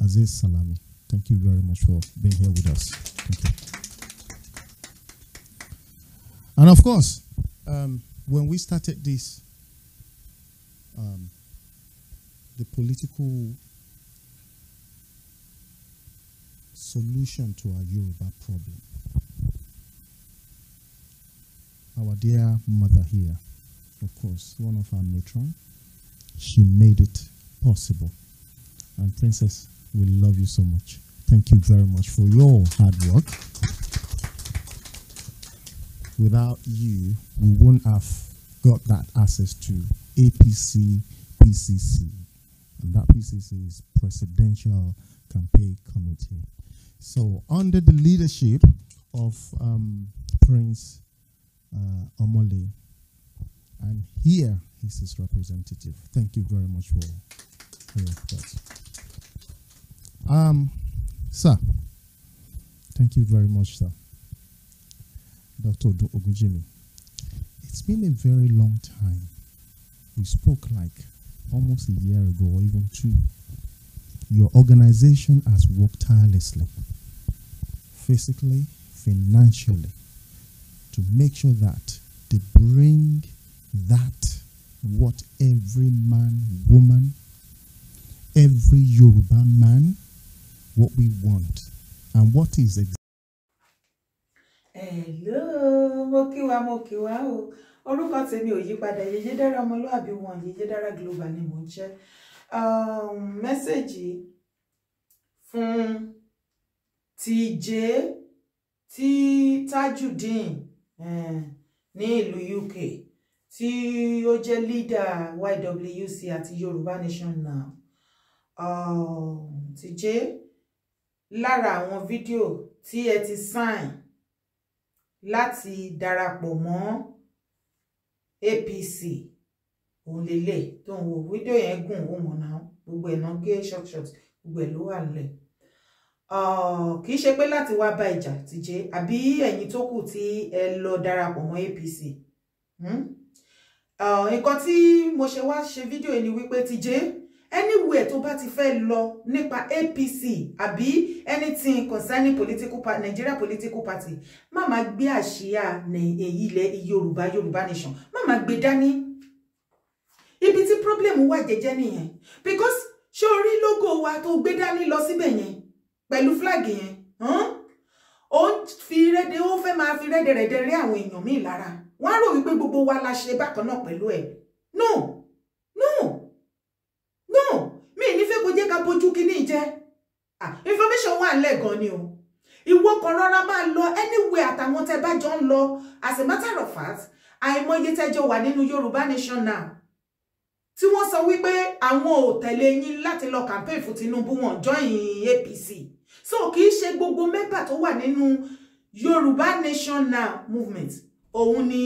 Aziz Salami, thank you very much for being here with us. Thank you. And of course, um, when we started this, um, the political solution to our Yoruba problem. Our dear mother here, of course, one of our matron, she made it possible. And Princess, we love you so much. Thank you very much for your hard work. Without you, we wouldn't have got that access to APC, PCC. And that PCC is Presidential Campaign Committee. So under the leadership of um, Prince uh, Omole, and here is his representative. Thank you very much for your thoughts. Um, sir, thank you very much, sir. Dr. Ogunjimi, it's been a very long time. We spoke like almost a year ago or even two. Your organization has worked tirelessly physically, financially, to make sure that they bring that what every man, woman, every Yoruba man, what we want, and what is exactly. Hello, mo kí wa mo kí wa o. Orúkọ tèmi ò yí padà Yèyédára ọmọlúàbí wọn Yèyédára global ni mò ń jẹ́. Mẹ́sẹ̀gì um, fún tìjẹ́ tí tajudeen um, ní ìlú uk tí ó jẹ́ lídà ywc àti yorùbá nation now um, tìjẹ́ lára àwọn fídíò tí ẹ ti sign láti darapọ̀ mọ́ apc òun lélẹ̀ tó ń wo fídíò yẹn gùn ó mọ̀ náà gbogbo ẹ̀ náà gé short short gbogbo ẹ̀ ló wà nílẹ̀ kì í ṣe pé láti wá bá ìjà ti jẹ àbí ẹ̀yin tó kù tí ẹ lọ darapọ̀ mọ́ APC hmm? nǹkan tí mo ṣe wá ṣe fídíò yìí ni wípé ti jẹ anywhere tó bá ti fẹ́ lọ nípa APC àbí anything concerning political party Nigeria political party má má gbé àṣìá èyí ilẹ̀ Yorùbá Yorùbá nation má má gbé dání ibi tí problem wà jẹjẹ nìyẹn because ṣé orí lógo wa tó gbé dání lọ síbẹ̀ yẹn pẹ̀lú flag yẹn ó fi rédè ó fẹ́ máa fi rédè rẹ̀ dẹrẹ́ àwọn èèyàn míì lára wọ́n á rò wípé gbogbo wa la ṣe bákan náà pẹ̀lú ẹ̀ no no no mi ì ní fẹ́ kó jẹ́ ká bójú kíní jẹ́ information wà lẹ́ẹ̀gan ni o ìwọ kan rọra máa lọ anywhere àtàwọn tẹ bá jọ ń lọ as a matter of fact àìmọye tẹjọ wà nínú Yorùbá Nation now tí wọ́n sọ wípé àwọn ò tẹ̀lé yín láti lọ campaign fún Tinubu wọn join APC so kì í ṣe gbogbo mẹ́bà tó wà nínú Yorùbá Nation movement òun ni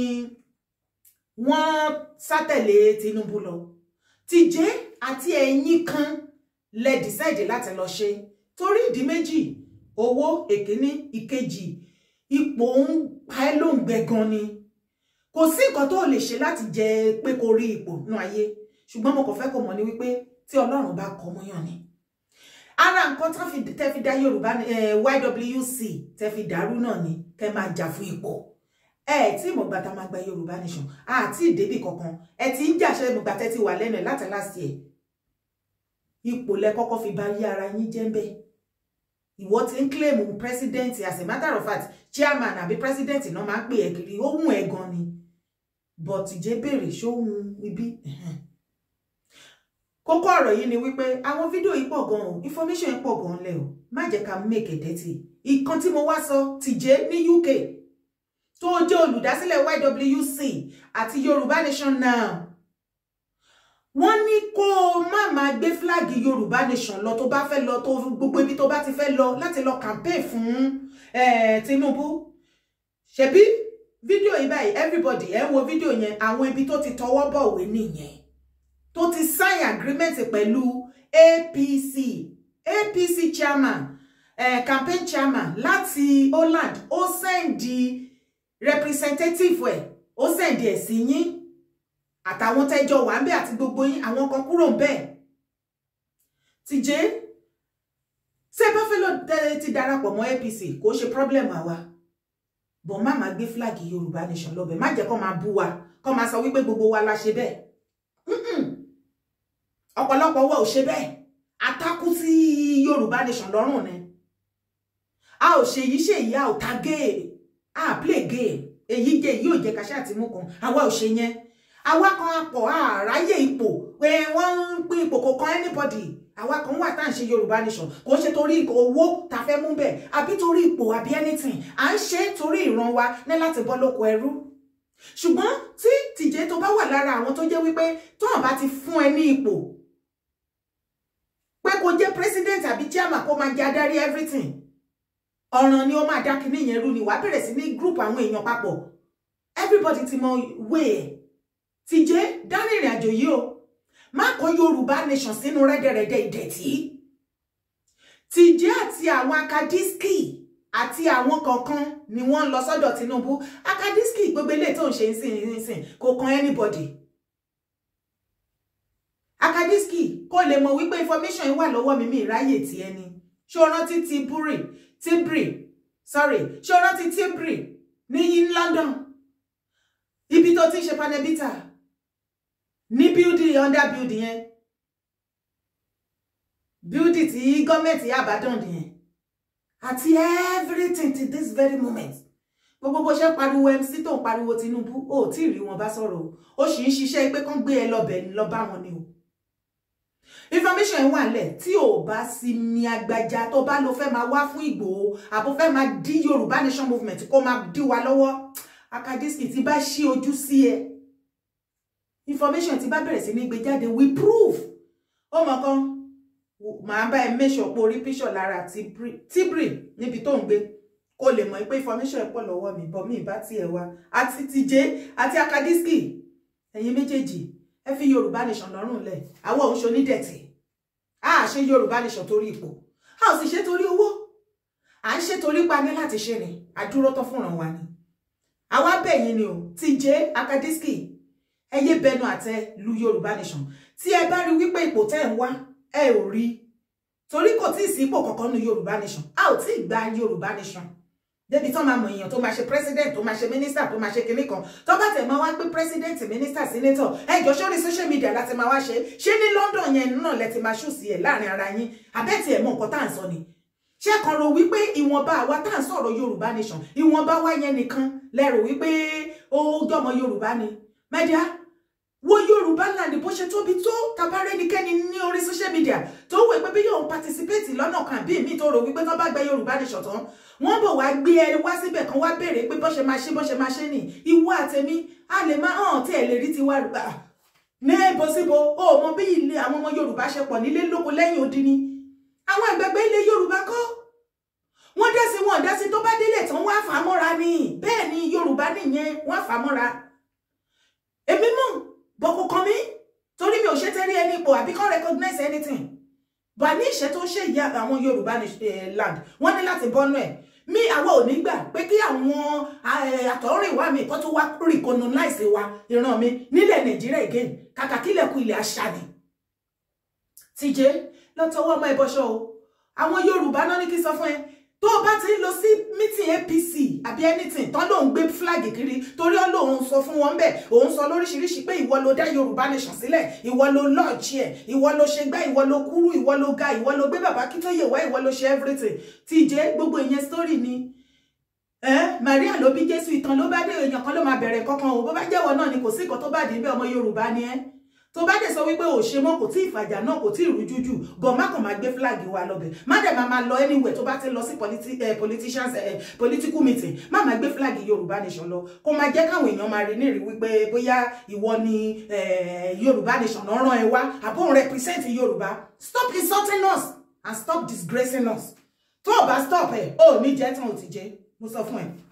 wọ́n sátẹ̀lé Tinubu lọ tìjẹ́ àti ẹ̀yìn kan lẹ decide láti lọ ṣe torí ìdí méjì owó èkíní ìkejì ipò ń pa ẹ́ lóǹgbẹ gan ni kò sí nǹkan tó lè ṣe láti jẹ pé kó rí ipò nínú ayé. No ṣùgbọ́n mo kàn fẹ́ kó mọ̀ ní wípé tí ọlọ́run bá kọ́ mú yàn ni ara nǹkan tẹ́ fi dá yorùbá eh, YWC tẹ́ fi dàrú náà ni kẹ́ máa jà fún ipò ẹ tí ìmọ̀gbà tá máa gba yorùbá nation àti ìdébì kankan ẹ ti ń jàṣẹ ìmọ̀gbà tẹ́ ti wà lẹ́nu ẹ̀ láti láti ẹ̀ ipò lẹ kọ́kọ́ fi bá yí ara yín jẹ́ ń bẹ́ẹ̀ ìwọ ti ń claim president as a matter of fact chairman àbí president náà máa ń pè ẹ́ kiri ó wùn ẹ́ gan ni but ìjẹ́ bèrè ṣóhun ibi kókó ọ̀rọ̀ yìí ni wípé àwọn fídíò yìí pọ̀ gan-an information yìí pọ̀ gan-an lẹ̀ o má jẹ́ ká make it dirty ìkan tí mo wá sọ tìjẹ́ ní UK tó jẹ́ olùdásílẹ̀ YWC àti Yorùbá Nation Now wọ́n ní kó o má máa gbé fúláàgì Yorùbá Nation lọ tó bá fẹ́ lọ tó gbogbo ibi tó bá ti fẹ́ lọ láti lọ campaign fún Tinubu ṣebí fídíò yìí báyìí everybody ẹ ń wo fídíò yẹn àwọn ibi tó ti tọwọ́ bọ̀wé nìyẹn tó ti sign agreement pẹ̀lú APC APC chairman eh, campaign chairman láti Holland ó sẹ́ndì representative ẹ̀ ó sẹ́ndì ẹ̀ sí yín àtàwọn tẹ́jọ wà ń bẹ̀ àti gbogbo yín àwọn kan kúrò ń tìjẹ́ ṣé bá ti darapọ̀ mọ́ APC kò ṣe problem àwa bọ̀ má máa gbé flag Yorùbá nation lọ́bẹ̀ má jẹ́ kó máa bú wa kó máa sọ wípé gbogbo wa la ṣe bẹ́ẹ̀ ọ̀pọ̀lọpọ̀ wa ò ṣe bẹ́ẹ̀ atákú sí Yorùbá nation lọ́rùn ni a ò ṣe èyí ṣe èyí a ò ta géè a play géè èyí jẹ èyí ò jẹ kàṣà àti mú kan àwa ò ṣe yẹn àwa kan apọ̀ àráyè ipò pé wọ́n ń pín ipò kò kan anybody àwa kan wà tá à ń ṣe Yorùbá nation kò ń ṣe torí nǹkan owó ta fẹ́ mú bẹ́ẹ̀ àbí torí ipò àbí anything à ń ṣe torí ìran wa ní láti bọ́ lóko ẹrú ṣùgbọ́n tí tìjẹ́ tó bá wà lára àwọn tó jẹ́ wípé tó àbá ti fún ẹ ní ipò pé kò jẹ́ president àbí chairman kó máa jẹ adarí everything ọ̀ràn ni ó máa dá kinní yẹn rú ni wàá bẹ̀rẹ̀ sí ní group àwọn èèyàn papọ̀ everybody ti mọ way Ti tìjẹ́ dání ìrìn àjò yìí o má kọ Yorùbá nation sínú rẹ́dẹ̀rẹ́dẹ̀ Ti tìjẹ́ àti àwọn akadísíkì àti àwọn kọ̀ọ̀kan ni wọ́n ń lọ sọ́dọ̀ Tinubu akadísíkì gbogbo eléyìí tó ń ṣe ń sìn kò kan anybody Akadisky kó lè mọ̀ wípé information yìí wà lọ́wọ́ mi mi ìráyè tí ẹni ṣé o rántí Tibri Tibri sorry ṣé o rántí Tibri ní yín London ibi tó ti ṣe panẹ́bítà Ni building under building yẹn building government gọ́ọ̀mẹ̀ntì Ìbàdàn yẹn àti everything to this very moment gbogbo bó ṣe paru pariwo MC tó ń pariwo Tinubu ó tí ì rí wọn bá sọ̀rọ̀ ó sì ń ṣiṣẹ́ pé kán gbé ẹ lọ́bẹ̀ lọ bá ni o information yẹn wà lẹ̀ tí ò bá sí mi agbájá tó bá lo fe ma wa fún Ìgbòho àbò fẹ́ máa dí Yorùbá Nation Movement kó máa di wa lọ́wọ́ akadiski ti bá ṣí ojú sí ẹ information ti bá bẹ̀rẹ̀ sí ní gbé jáde we prove O mọ̀ kan màá bá ẹ mẹ́sọ̀ pé orí píṣọ̀ lára tíbrì níbi tó ń gbé kó lè mọ̀ pé information ẹ̀ pọ̀ lọ́wọ́ mi bọ̀ mí ìbá tiẹ̀ wá àti tìjẹ́ àti akadiski ẹ̀yin méjèèjì ẹ fi yorùbá nation lọ́rùn lẹ̀ àwọn òun ṣe onídẹ̀tì a ṣe yorùbá nation torí ipò a ò sì ṣe torí owó à ń ṣe torí pa ní láti ṣe ni àdúró tán fúnra wa ni àwa bẹ̀yìn ni o TJ Akadiski ẹ yé bẹnu àtẹ lu yorùbá nation tí ẹ bá rí wípé ipò tẹ́ ń wá ẹ ò rí torí kò tí ì sí nu yorùbá nation a ò tí gba yorùbá nation débi tán máa mọ èèyàn tó máa ṣe president tó máa ṣe minister tó máa ṣe kinní kan tó bá tẹ̀ máa wá pé president minister senator ẹjọ́ sórí social media láti máa wá ṣe ṣé ní London yẹn náà lẹ ti máa ṣù sí ẹ̀ láàrin ara yín àbẹ́ẹ̀tì ẹ̀ mọ nǹkan tá à ń sọ ni ṣé kan ro wípé ìwọ̀nba àwa tá à ń sọ̀rọ̀ Yorùbá nation ìwọ̀nba wá yẹn nìkan lẹ́rù wípé ó jọmọ Yorùbá ni mẹ́díà wo yorùbá land bó ṣe tóbi tó tabarẹ́ ẹnikẹ́ni ní orí social media tó wẹ̀ pé bí yóò participate lọ́nà kan bí mi tó rò wípé tó bá gbẹ yorùbá nation tán wọ́n bọ̀ wá gbé ẹ wá síbẹ̀ kan wá béèrè pé bó ṣe máa ṣe bó ṣe máa ṣe nì ìwọ àtẹ̀mí a lè má hàn tí ẹ lè rí tiwa rúbà ah, ní bọ́síbo ó mọ bí ilé àwọn ọmọ yorùbá ṣe pọ̀ nílé lóko lẹ́yìn odi ni àwọn àgbàgbé ilé yorùbá kọ́ wọ́n dá sí wọn dá sí tó bá délé tán wọ́n á ni bẹ́ẹ̀ ni yorùbá nìyẹn wọ́n á fà á mọ́ra èmi rí ẹni ipò àbí kọ́ recognize anything bá ní ìṣẹ́ tó ṣe ìyá àwọn Yorùbá eh, land wọ́n ní láti bọ́nú ẹ̀ mi àwa ò ní gbà pé kí àwọn eh, àtọ̀rìnwá mi kọ́ tó wá recognize wa ìran mi nílẹ̀ Nàìjíríà again kàkà kílẹ̀kùn ilẹ̀ àṣà ni TJ lọ́tọ́wọ́ ọmọ ẹ̀bọṣọ o àwọn Yorùbá náà ní kí sọ fún ẹ tó o bá ti ń lọ sí meeting APC àbí anything tán lòun gbé flag kiri torí ó lòun sọ fún wọn bẹ́ẹ̀ òun sọ lóríṣiríṣi pé ìwọ ló dá Yorùbá Nation sílẹ̀ ìwọ ló lọ́ọ̀jì ẹ̀ ìwọ ló ṣe gbá ìwọ ló kúrú ìwọ ló ga ìwọ ló gbé bàbá kí tó yẹ wá ìwọ ló ṣe everything tíjẹ́ gbogbo ìyẹn story ni Eh, Maria ló bí Jésù ìtàn ló bá dé èèyàn kan ló máa bẹ̀rẹ̀ kankan o bó bá jẹ́wọ́ náà ni kò sí nǹkan tó bá dé bẹ́ẹ̀ ọmọ Yorùbá ni ẹ́ eh? tó bá dẹ̀ sọ wípé ò ṣe mọ́ kò tí ìfàjà náà kò tí ì rújú jù bọ̀ má kàn máa gbé fúláàgì wa lọ́bẹ̀ má dẹ̀ máa máa lọ anywhere tó bá ti lọ sí eh, politicians eh, political meeting má máa gbé fúláàgì yorùbá nation lọ kó máa jẹ́ káwọn èèyàn máa rí nírìí wípé bóyá ìwọ ni eh, yorùbá nation náà rán ẹ wá àbó ń represent yorùbá stop insulting us and stop disgracing us tó o bá stop ẹ ò ní jẹ́ tán ò ti jẹ́ mo sọ fún ẹ.